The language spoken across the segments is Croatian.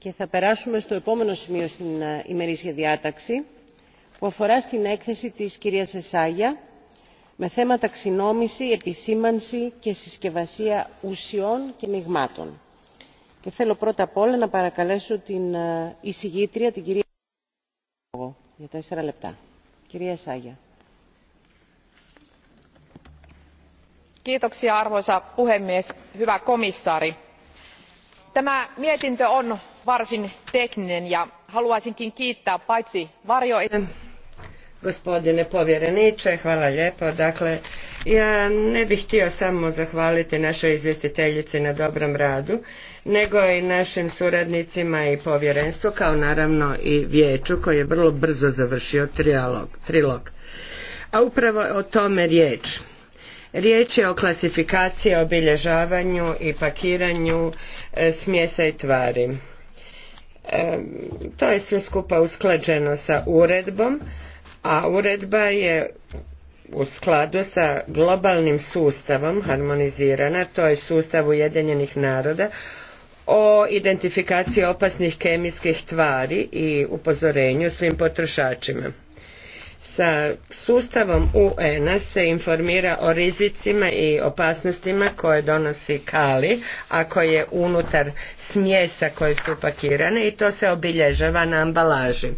και θα περάσουμε στο επόμενο σημείο στην ημερήσια διάταξη που αφορά στην έκθεση της κυρίας Εσάγια με θέμα ταξινόμηση, επισήμανση και συσκευασία ουσιών και μειγμάτων. Και θέλω πρώτα απ' όλα να παρακαλέσω την εισηγήτρια, την κυρία για τέσσερα λεπτά. Κυρία Σάγια. Κύριε arvoisa puhemies, hyvä komissaari tämä mietintö on varsin tekninen ja haluaisinkin kiittää paitsi gospodine povjereniče hvala lijepo dakle ja ne bih htio samo zahvaliti našoj izvjestiteljici na dobrom radu nego i našim suradnicima i povjerenstvu kao naravno i vijeću koji je vrlo brzo završio trilog a upravo o tome riječ Riječ je o klasifikaciji, obilježavanju i pakiranju e, smjesa i tvari. E, to je sve skupa usklađeno sa uredbom, a uredba je u skladu sa globalnim sustavom harmonizirana, to je sustav Ujedinjenih naroda o identifikaciji opasnih kemijskih tvari i upozorenju svim potrošačima sa sustavom UN-a se informira o rizicima i opasnostima koje donosi kali, ako je unutar smjesa koje su pakirane i to se obilježava na ambalaži.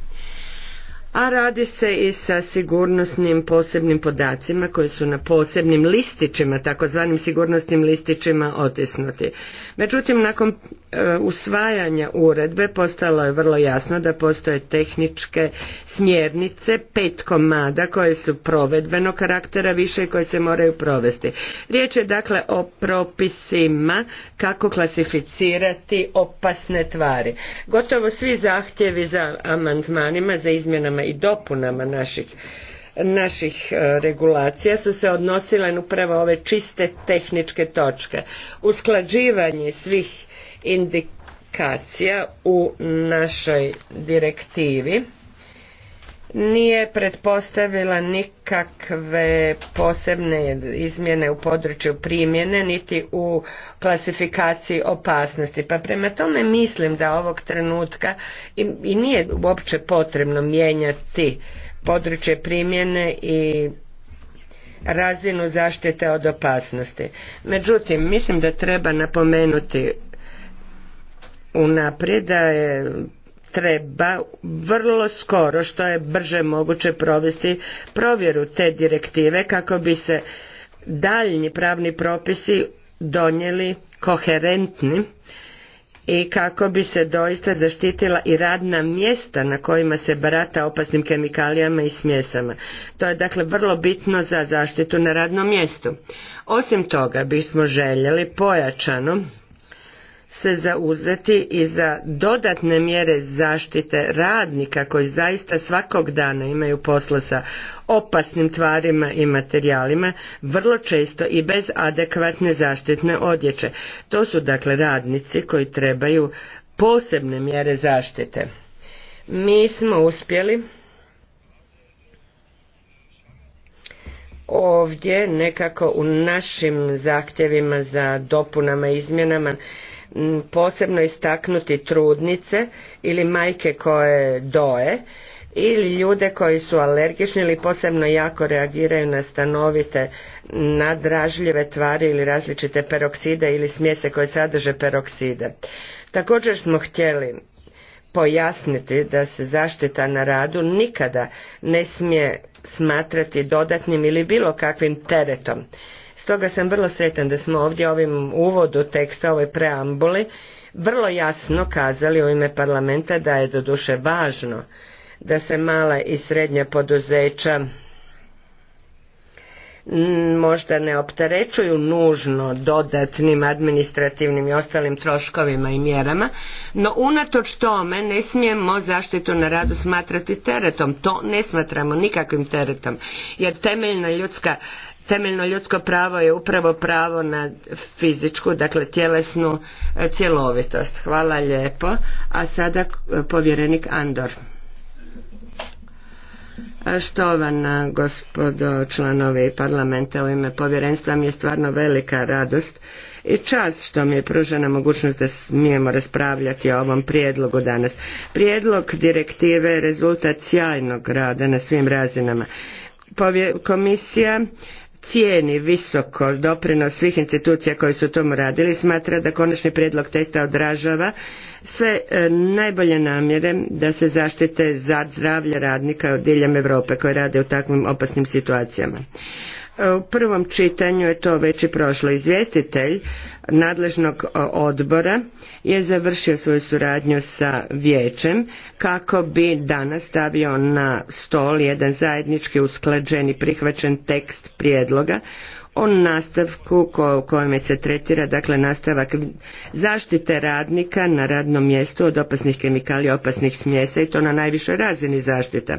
A radi se i sa sigurnosnim posebnim podacima koji su na posebnim listićima, takozvanim sigurnosnim listićima otisnuti. Međutim, nakon e, usvajanja uredbe postalo je vrlo jasno da postoje tehničke smjernice, pet komada koje su provedbenog karaktera više koje se moraju provesti. Riječ je dakle o propisima kako klasificirati opasne tvari. Gotovo svi zahtjevi za amandmanima, za izmjenama i dopunama naših naših e, regulacija su se odnosile upravo ove čiste tehničke točke. Usklađivanje svih indikacija u našoj direktivi nije pretpostavila nikakve posebne izmjene u području primjene niti u klasifikaciji opasnosti. Pa prema tome mislim da ovog trenutka i, nije uopće potrebno mijenjati područje primjene i razinu zaštite od opasnosti. Međutim, mislim da treba napomenuti unaprijed da je treba vrlo skoro što je brže moguće provesti provjeru te direktive kako bi se daljnji pravni propisi donijeli koherentni i kako bi se doista zaštitila i radna mjesta na kojima se barata opasnim kemikalijama i smjesama. To je dakle vrlo bitno za zaštitu na radnom mjestu. Osim toga bismo željeli pojačano se zauzeti i za dodatne mjere zaštite radnika koji zaista svakog dana imaju posla sa opasnim tvarima i materijalima, vrlo često i bez adekvatne zaštitne odjeće. To su dakle radnici koji trebaju posebne mjere zaštite. Mi smo uspjeli ovdje nekako u našim zahtjevima za dopunama i izmjenama posebno istaknuti trudnice ili majke koje doje ili ljude koji su alergični ili posebno jako reagiraju na stanovite nadražljive tvari ili različite perokside ili smjese koje sadrže perokside. Također smo htjeli pojasniti da se zaštita na radu nikada ne smije smatrati dodatnim ili bilo kakvim teretom Stoga sam vrlo sretan da smo ovdje ovim uvodu teksta, ovoj preambuli, vrlo jasno kazali u ime parlamenta da je doduše važno da se mala i srednja poduzeća možda ne opterećuju nužno dodatnim administrativnim i ostalim troškovima i mjerama, no unatoč tome ne smijemo zaštitu na radu smatrati teretom. To ne smatramo nikakvim teretom, jer temeljna ljudska temeljno ljudsko pravo je upravo pravo na fizičku, dakle tjelesnu e, cjelovitost. Hvala lijepo. A sada e, povjerenik Andor. E, štovana gospodo članovi parlamenta u ime povjerenstva mi je stvarno velika radost i čast što mi je pružena mogućnost da smijemo raspravljati o ovom prijedlogu danas. Prijedlog direktive je rezultat sjajnog rada na svim razinama. Komisija cijeni visoko doprinos svih institucija koji su u tom radili, smatra da konačni prijedlog testa odražava sve e, najbolje namjere da se zaštite za zdravlje radnika diljem Europe koji rade u takvim opasnim situacijama. E, u prvom čitanju je to već i prošlo. Izvjestitelj nadležnog e, odbora je završio svoju suradnju sa vijećem kako bi danas stavio na stol jedan zajednički usklađeni prihvaćen tekst prijedloga o nastavku ko, kojem se tretira, dakle nastavak zaštite radnika na radnom mjestu od opasnih kemikalija, opasnih smjesa i to na najvišoj razini zaštita.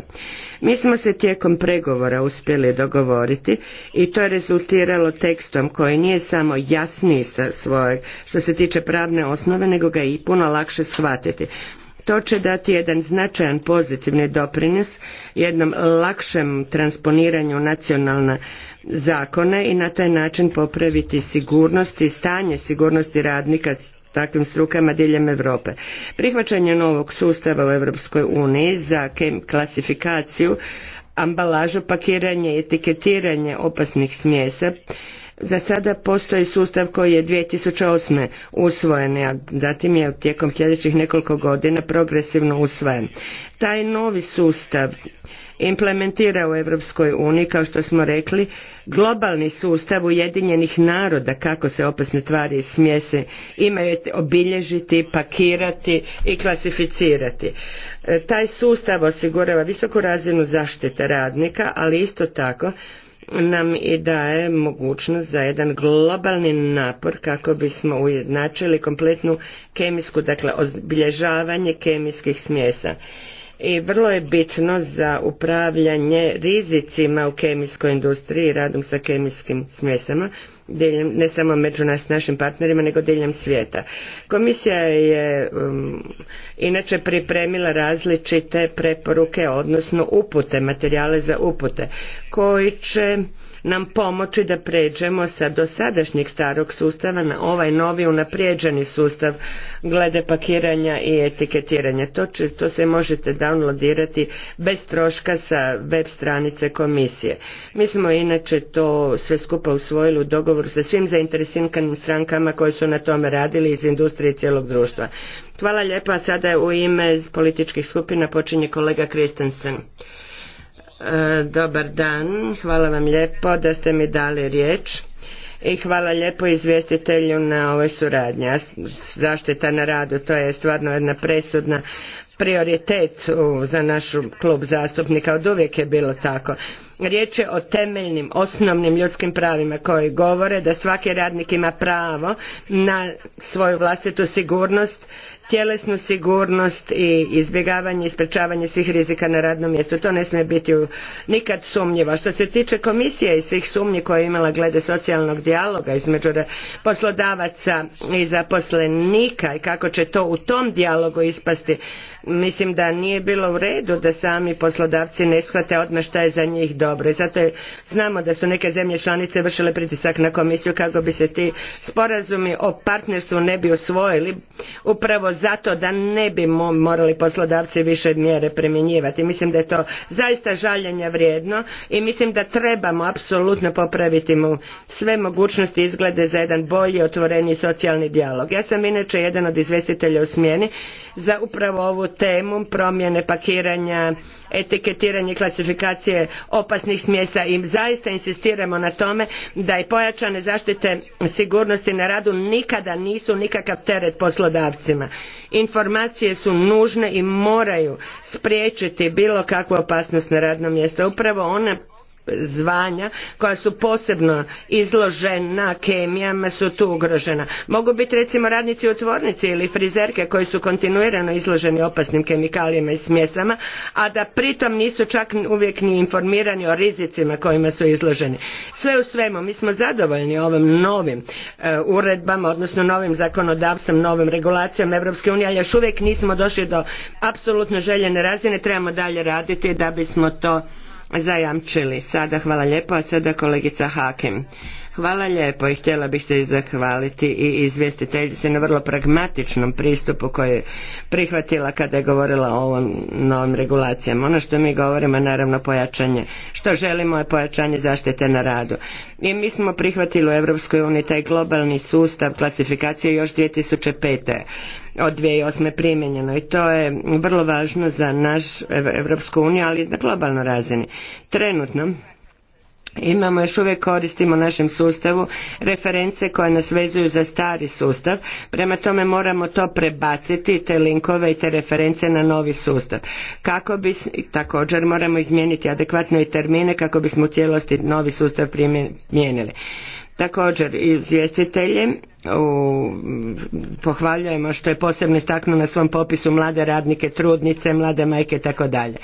Mi smo se tijekom pregovora uspjeli dogovoriti i to je rezultiralo tekstom koji nije samo jasniji sa svojeg što se tiče pravne osnove, nego ga je i puno lakše shvatiti. To će dati jedan značajan pozitivni doprinos jednom lakšem transponiranju nacionalne zakone i na taj način popraviti sigurnost i stanje sigurnosti radnika s takvim strukama diljem Europe. Prihvaćanje novog sustava u Europskoj uniji za klasifikaciju, ambalažu, pakiranje i etiketiranje opasnih smjesa za sada postoji sustav koji je 2008. usvojen, a zatim je tijekom sljedećih nekoliko godina progresivno usvojen. Taj novi sustav implementira u Europskoj uniji, kao što smo rekli, globalni sustav Ujedinjenih naroda kako se opasne tvari i smjese imaju obilježiti, pakirati i klasificirati. E, taj sustav osigurava visoku razinu zaštite radnika, ali isto tako nam i daje mogućnost za jedan globalni napor kako bismo ujednačili kompletnu kemijsku, dakle obilježavanje kemijskih smjesa. I vrlo je bitno za upravljanje rizicima u kemijskoj industriji i radom sa kemijskim smjesama diljem, ne samo među nas našim partnerima, nego diljem svijeta. Komisija je um, inače pripremila različite preporuke, odnosno upute, materijale za upute, koji će nam pomoći da pređemo sa dosadašnjeg starog sustava na ovaj novi unaprijeđeni sustav glede pakiranja i etiketiranja. To, će, to se možete downloadirati bez troška sa web stranice komisije. Mi smo inače to sve skupa usvojili u dogovoru dogovoru sa svim zainteresiranim strankama koje su na tome radili iz industrije i cijelog društva. Hvala lijepa, sada u ime političkih skupina počinje kolega Kristensen. E, dobar dan, hvala vam lijepo da ste mi dali riječ i hvala lijepo izvjestitelju na ovoj suradnji. Zaštita na radu, to je stvarno jedna presudna prioritet za naš klub zastupnika, od uvijek je bilo tako. Riječ je o temeljnim, osnovnim ljudskim pravima koji govore da svaki radnik ima pravo na svoju vlastitu sigurnost, tjelesnu sigurnost i izbjegavanje i sprečavanje svih rizika na radnom mjestu. To ne smije biti nikad sumnjivo. Što se tiče komisije i svih sumnji koje je imala glede socijalnog dijaloga između poslodavaca i zaposlenika i kako će to u tom dijalogu ispasti mislim da nije bilo u redu da sami poslodavci ne shvate odmah šta je za njih dobro zato znamo da su neke zemlje članice vršile pritisak na komisiju kako bi se ti sporazumi o partnerstvu ne bi usvojili upravo zato da ne bi morali poslodavci više mjere primjenjivati mislim da je to zaista žaljenja vrijedno i mislim da trebamo apsolutno popraviti mu sve mogućnosti izglede za jedan bolji otvoreni socijalni dijalog ja sam inače jedan od izvjestitelja u smjeni za upravo ovu temu promjene pakiranja, etiketiranja i klasifikacije opasnih smjesa i zaista insistiramo na tome da i pojačane zaštite sigurnosti na radu nikada nisu nikakav teret poslodavcima. Informacije su nužne i moraju spriječiti bilo kakvu opasnost na radnom mjestu. Upravo one zvanja koja su posebno izložena kemijama su tu ugrožena. Mogu biti recimo radnici u tvornici ili frizerke koji su kontinuirano izloženi opasnim kemikalijama i smjesama, a da pritom nisu čak uvijek ni informirani o rizicima kojima su izloženi. Sve u svemu, mi smo zadovoljni ovim novim e, uredbama, odnosno novim zakonodavstvom, novim regulacijom Europske unije, ali još uvijek nismo došli do apsolutno željene razine, trebamo dalje raditi da bismo to zajamčili. Sada hvala lijepo, a sada kolegica Hakim. Hvala lijepo i htjela bih se i zahvaliti i se na vrlo pragmatičnom pristupu koji je prihvatila kada je govorila o ovom novim regulacijama. Ono što mi govorimo je naravno pojačanje. Što želimo je pojačanje zaštite na radu. I mi smo prihvatili u Europskoj uniji taj globalni sustav klasifikacije još 2005 od 2008. primijenjeno i to je vrlo važno za naš Evropsku uniju, ali na globalnoj razini. Trenutno imamo još uvijek koristimo našem sustavu reference koje nas vezuju za stari sustav prema tome moramo to prebaciti te linkove i te reference na novi sustav kako bi također moramo izmijeniti adekvatno i termine kako bismo u cijelosti novi sustav primijenili Također izvjestitelje u, pohvaljujemo što je posebno istaknuo na svom popisu mlade radnike, trudnice, mlade majke tako dalje.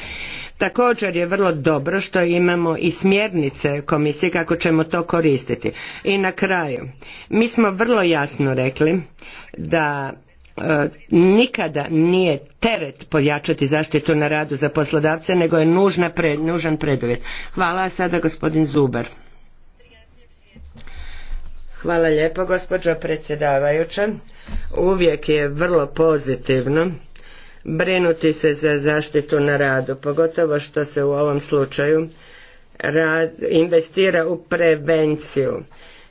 Također je vrlo dobro što imamo i smjernice komisije kako ćemo to koristiti. I na kraju, mi smo vrlo jasno rekli da e, nikada nije teret pojačati zaštitu na radu za poslodavce, nego je nužna nužan preduvjet. Hvala, sada gospodin Zuber. Hvala lijepo gospođo predsjedavajuća. Uvijek je vrlo pozitivno brinuti se za zaštitu na radu, pogotovo što se u ovom slučaju investira u prevenciju.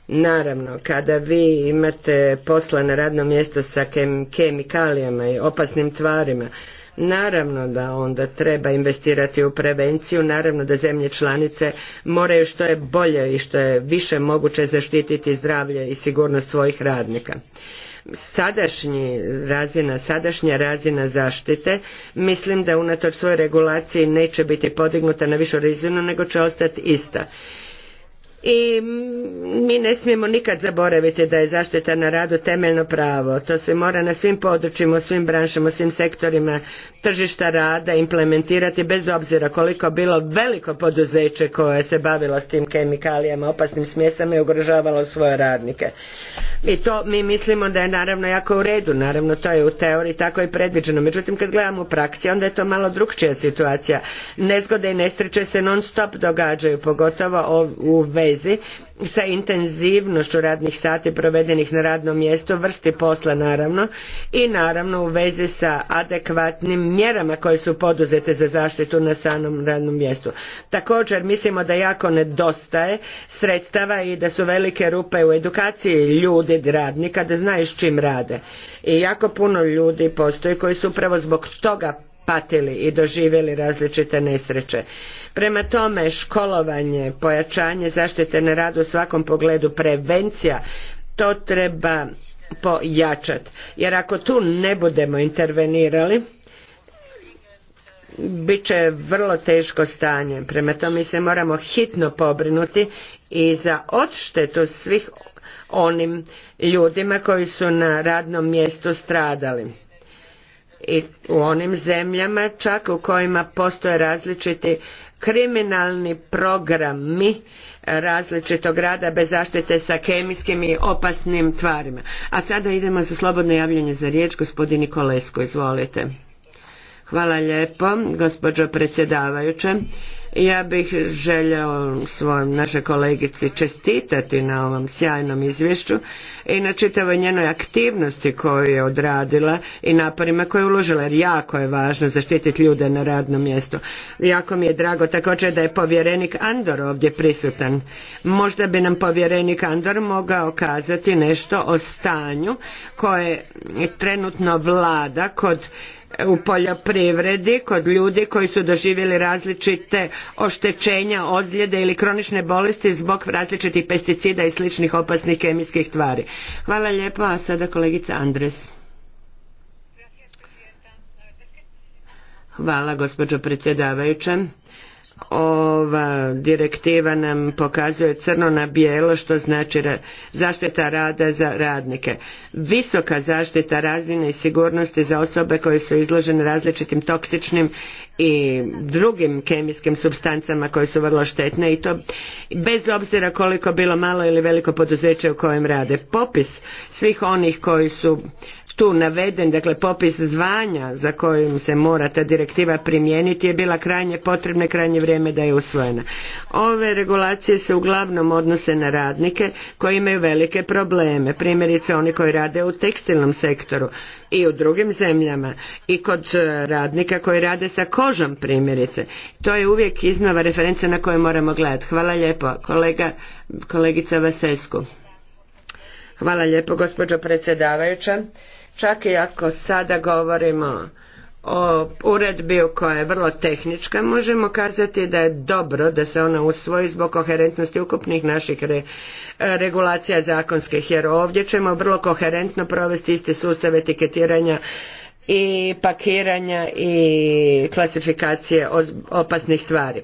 Naravno, kada vi imate posla na radnom mjesto sa kemikalijama i opasnim tvarima, Naravno da onda treba investirati u prevenciju, naravno da zemlje članice moraju što je bolje i što je više moguće zaštititi zdravlje i sigurnost svojih radnika sadašnji razina, sadašnja razina zaštite mislim da unatoč svojoj regulaciji neće biti podignuta na višu razinu nego će ostati ista i mi ne smijemo nikad zaboraviti da je zaštita na radu temeljno pravo. To se mora na svim područjima, u svim branšama, u svim sektorima tržišta rada implementirati bez obzira koliko bilo veliko poduzeće koje se bavilo s tim kemikalijama, opasnim smjesama i ugrožavalo svoje radnike. I to mi mislimo da je naravno jako u redu, naravno to je u teoriji tako i predviđeno. Međutim kad gledamo u praksi onda je to malo drukčija situacija. Nezgode i nestriče se non stop događaju, pogotovo u vezi sa intenzivnošću radnih sati provedenih na radnom mjestu, vrsti posla naravno i naravno u vezi sa adekvatnim mjerama koje su poduzete za zaštitu na samom radnom mjestu. Također mislimo da jako nedostaje sredstava i da su velike rupe u edukaciji ljudi, radnika, da znaju s čim rade. I jako puno ljudi postoji koji su upravo zbog toga patili i doživjeli različite nesreće. Prema tome, školovanje, pojačanje zaštite na radu u svakom pogledu, prevencija, to treba pojačati. Jer ako tu ne budemo intervenirali, bit će vrlo teško stanje. Prema tome mi se moramo hitno pobrinuti i za odštetu svih onim ljudima koji su na radnom mjestu stradali i u onim zemljama čak u kojima postoje različiti kriminalni programi različitog rada bez zaštite sa kemijskim i opasnim tvarima. A sada idemo za slobodno javljanje za riječ gospodin Kolesko, izvolite. Hvala lijepo, gospođo predsjedavajuće. Ja bih željela svojom našoj kolegici čestitati na ovom sjajnom izvješću i na čitavoj njenoj aktivnosti koju je odradila i naporima koje je uložila jer jako je važno zaštititi ljude na radnom mjestu. Jako mi je drago također da je povjerenik Andor ovdje prisutan. Možda bi nam povjerenik Andor mogao kazati nešto o stanju koje trenutno vlada kod u poljoprivredi kod ljudi koji su doživjeli različite oštećenja, ozljede ili kronične bolesti zbog različitih pesticida i sličnih opasnih kemijskih tvari. Hvala lijepo, a sada kolegica Andres. Hvala gospođo predsjedavajuća ova direktiva nam pokazuje crno na bijelo što znači zaštita rada za radnike. Visoka zaštita razine i sigurnosti za osobe koje su izložene različitim toksičnim i drugim kemijskim substancama koje su vrlo štetne i to bez obzira koliko bilo malo ili veliko poduzeće u kojem rade. Popis svih onih koji su tu naveden, dakle popis zvanja za kojim se mora ta direktiva primijeniti je bila krajnje potrebna i krajnje vrijeme da je usvojena. Ove regulacije se uglavnom odnose na radnike koji imaju velike probleme, primjerice oni koji rade u tekstilnom sektoru i u drugim zemljama i kod e, radnika koji rade sa kožom primjerice. To je uvijek iznova referenca na koju moramo gledati. Hvala lijepo kolega, kolegica Vasesku. Hvala lijepo gospođo predsjedavajuća. Čak i ako sada govorimo o uredbi koja je vrlo tehnička, možemo kazati da je dobro da se ona usvoji zbog koherentnosti ukupnih naših regulacija zakonskih, jer ovdje ćemo vrlo koherentno provesti isti sustav etiketiranja i pakiranja i klasifikacije opasnih tvari.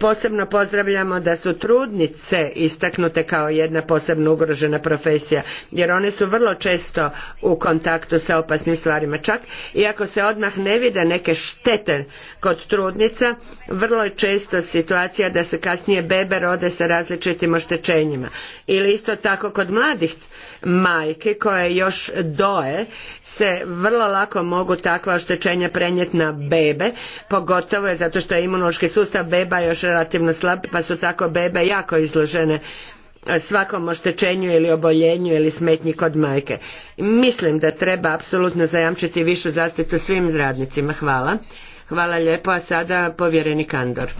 Posebno pozdravljamo da su trudnice istaknute kao jedna posebno ugrožena profesija jer one su vrlo često u kontaktu sa opasnim stvarima. Čak i ako se odmah ne vide neke štete kod trudnica, vrlo je često situacija da se kasnije bebe rode sa različitim oštećenjima. Ili isto tako kod mladih majke koje još doje se vrlo lako mogu takva oštećenja prenijeti na bebe, pogotovo je zato što je imunološki sustav bebe beba još relativno slab pa su tako bebe jako izložene e, svakom oštećenju ili oboljenju ili smetnji kod majke. Mislim da treba apsolutno zajamčiti višu zaštitu svim radnicima. Hvala. Hvala lijepo, a sada povjereni kandor.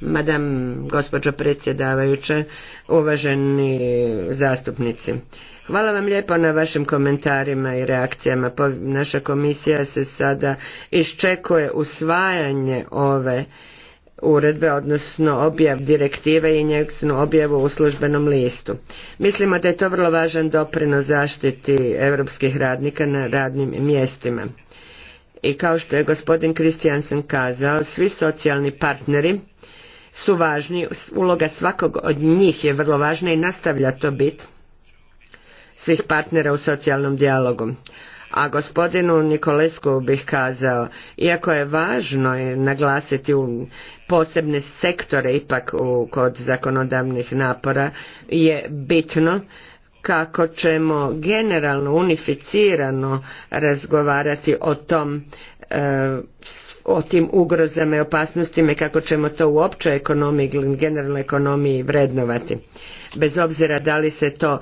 Madam, gospođo predsjedavajuće, uvaženi zastupnici. Hvala vam lijepo na vašim komentarima i reakcijama. Naša komisija se sada iščekuje usvajanje ove uredbe, odnosno objav direktive i njegovu objavu u službenom listu. Mislimo da je to vrlo važan doprinos zaštiti europskih radnika na radnim mjestima. I kao što je gospodin Kristijansen kazao, svi socijalni partneri su važni, uloga svakog od njih je vrlo važna i nastavlja to biti svih partnera u socijalnom dijalogu. A gospodinu Nikolesku bih kazao, iako je važno je naglasiti u posebne sektore ipak kod zakonodavnih napora, je bitno kako ćemo generalno unificirano razgovarati o tom e, o tim ugrozama i opasnostima i kako ćemo to u općoj ekonomiji, generalnoj ekonomiji vrednovati. Bez obzira da li se to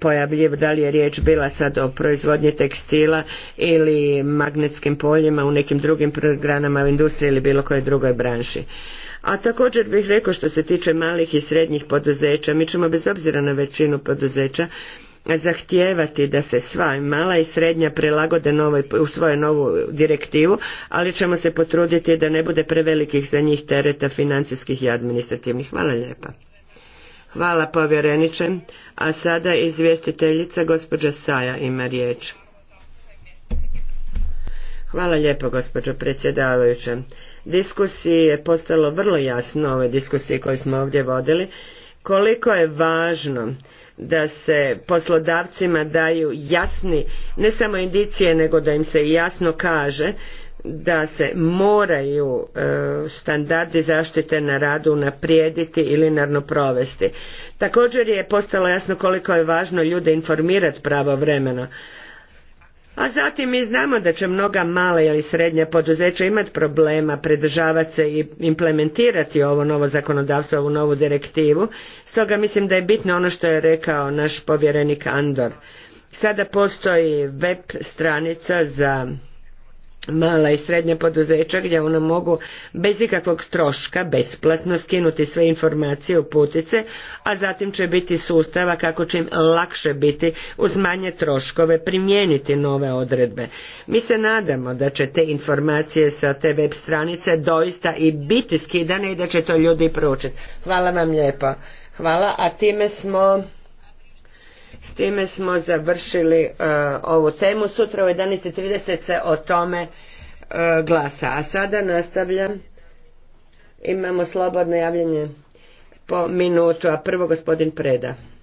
pojavljiv, da li je riječ bila sad o proizvodnji tekstila ili magnetskim poljima u nekim drugim granama industriji ili bilo kojoj drugoj branši. A također bih rekao što se tiče malih i srednjih poduzeća, mi ćemo bez obzira na većinu poduzeća zahtijevati da se sva mala i srednja prilagode novoj, u svoju novu direktivu, ali ćemo se potruditi da ne bude prevelikih za njih tereta financijskih i administrativnih. Hvala lijepa. Hvala povjereniče. A sada izvjestiteljica gospođa Saja ima riječ. Hvala lijepo gospođo predsjedavajuća. Diskusiji je postalo vrlo jasno ove diskusije koje smo ovdje vodili koliko je važno da se poslodavcima daju jasni ne samo indicije nego da im se jasno kaže da se moraju e, standardi zaštite na radu naprijediti ili narno provesti. Također je postalo jasno koliko je važno ljude informirati pravovremeno. A zatim mi znamo da će mnoga mala ili srednja poduzeća imati problema predržavati se i implementirati ovo novo zakonodavstvo, ovu novu direktivu. Stoga mislim da je bitno ono što je rekao naš povjerenik Andor. Sada postoji web stranica za mala i srednja poduzeća gdje ona mogu bez ikakvog troška besplatno skinuti sve informacije u putice, a zatim će biti sustava kako će im lakše biti uz manje troškove primijeniti nove odredbe. Mi se nadamo da će te informacije sa te web stranice doista i biti skidane i da će to ljudi pručiti. Hvala vam lijepo. Hvala, a time smo s time smo završili e, ovu temu. Sutra u 11.30 se o tome e, glasa. A sada nastavljam. Imamo slobodno javljanje po minutu, a prvo gospodin Preda.